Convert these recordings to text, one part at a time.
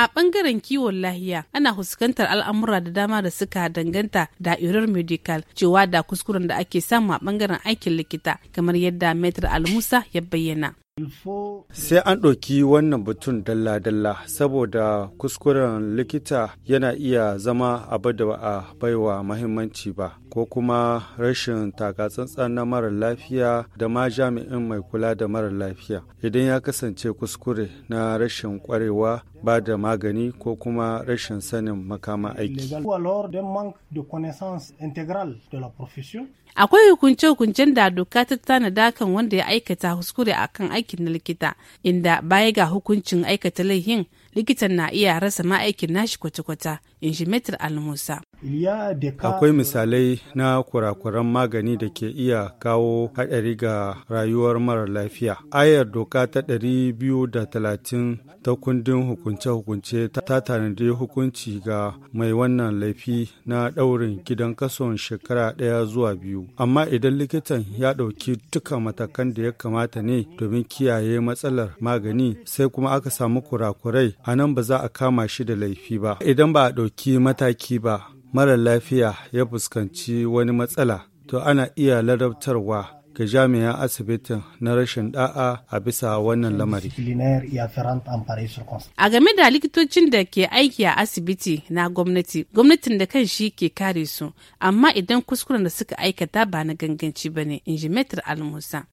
A ɓangaren kiwon lahiya ana fuskantar al'amura da dama da suka danganta da irar medical cewa da kuskuren da ake samu a bangaren aikin likita kamar yadda Metro Almusa ya bayyana. Sai an ɗauki wannan batun dalla-dalla saboda kuskuren likita yana iya zama abu da ba a baiwa mahimmanci ba. ko kuma rashin takatsantsan na marar lafiya da ma jami'in mai kula da marar lafiya idan ya kasance kuskure na rashin kwarewa ba da magani ko kuma rashin sanin makama aiki akwai hukunce-hukuncen da doka ta tanada kan wanda ya aikata kuskure kan aikin na likita inda baya ga hukuncin aikata laihin likitan na iya rasa ma'aikin nashi kwata-kwata in shi metar almusa Akwai misalai na kurakuran magani da ke iya kawo haɗari ga rayuwar mara lafiya. Ayar doka ta 230 ta kundin hukunce-hukunce ta tanadi hukunci ga mai wannan laifi na ɗaurin gidan kason shekara ɗaya zuwa biyu. Amma idan likitan ya ɗauki duka matakan da ya kamata ne domin kiyaye matsalar magani sai kuma aka samu kurakurai a nan ba za a kama shi da laifi ba. Idan ba a ɗauki mataki ba mara lafiya ya fuskanci wani matsala to ana iya ladabtarwa ga jami'an asibitin na rashin da'a a bisa wannan lamari. A game da likitocin da ke aiki a asibiti na gwamnati, gwamnatin da kan shi ke kare su, amma idan kuskuren da suka aikata ba na ganganci ba ne, in ji Metar Almusa.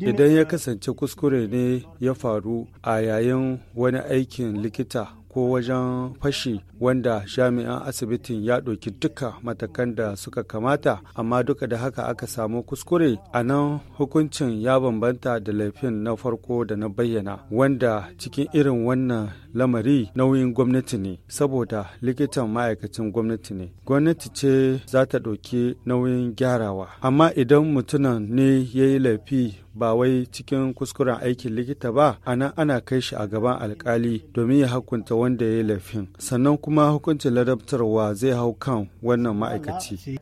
Idan ya kasance kuskure ne ya faru a yayin wani aikin likita ko wajen fashi wanda jami'an asibitin ya ɗauki duka matakan da suka kamata amma duka da haka aka samu kuskure a nan hukuncin ya bambanta da laifin na farko da na bayyana wanda cikin irin wannan lamari nauyin gwamnati ne saboda likitan ma'aikacin gwamnati ne gwamnati ce za ta ɗauki nauyin gyarawa amma idan mutumin ne ya yi laifi ba wai cikin kuskuren aikin likita ba a nan ana kai shi a gaban alkali domin ya hakunta wanda ya yi laifin sannan kuma hukuncin ladabtarwa zai hau kan wannan ma'aikaci.